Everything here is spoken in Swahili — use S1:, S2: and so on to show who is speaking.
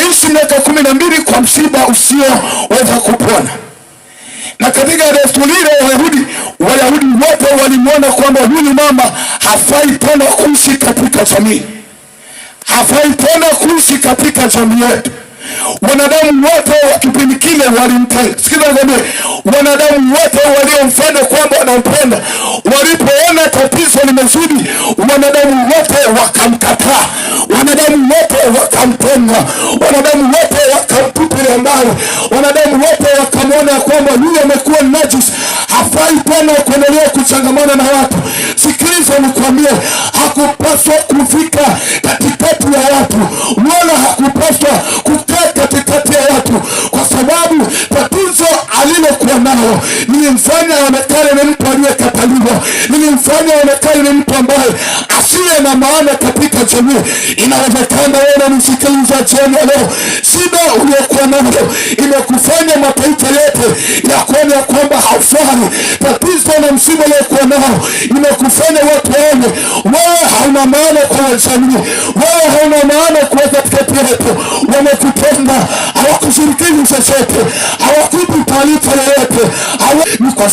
S1: ameishi miaka kumi na mbili kwa msiba usioweza kupona. Na katika desturi ile Wayahudi, Wayahudi wote walimwona kwamba huyu mama hafai tena kuishi katika jamii, hafai tena kuishi katika jamii yetu. Wanadamu wote wa kipindi kile walimpenda. Sikiza wanadamu wote waliomfanya kwamba anampenda walipoona tatizo limezidi wanadamu wote wakamtenga, wanadamu wote wakamtupilia mbali, wanadamu wote wakamwona kwamba yule amekuwa najisi, hafai tena kuendelea kuchangamana na watu. Sikiliza nikwambie, hakupaswa kufika katikati ya watu, wala hakupaswa kukaa katikati ya watu, kwa sababu tatizo alilokuwa mfanya nilimfanya ni mtu aliyekataliwa, nilimfanya aonekane ni mtu ambaye asiye na maana katika jamii. Inawezekana wewe unanisikiliza jioni ya leo, shida uliokuwa nayo imekufanya mataifa yote ya kuona kwamba haufai. Tatizo na msiba uliokuwa nao imekufanya watu waone wewe hauna maana kwa jamii, wewe hauna maana kwa katikati yetu. Wamekutenda, hawakushirikini chochote, hawakupi taarifa yoyote. ni kwa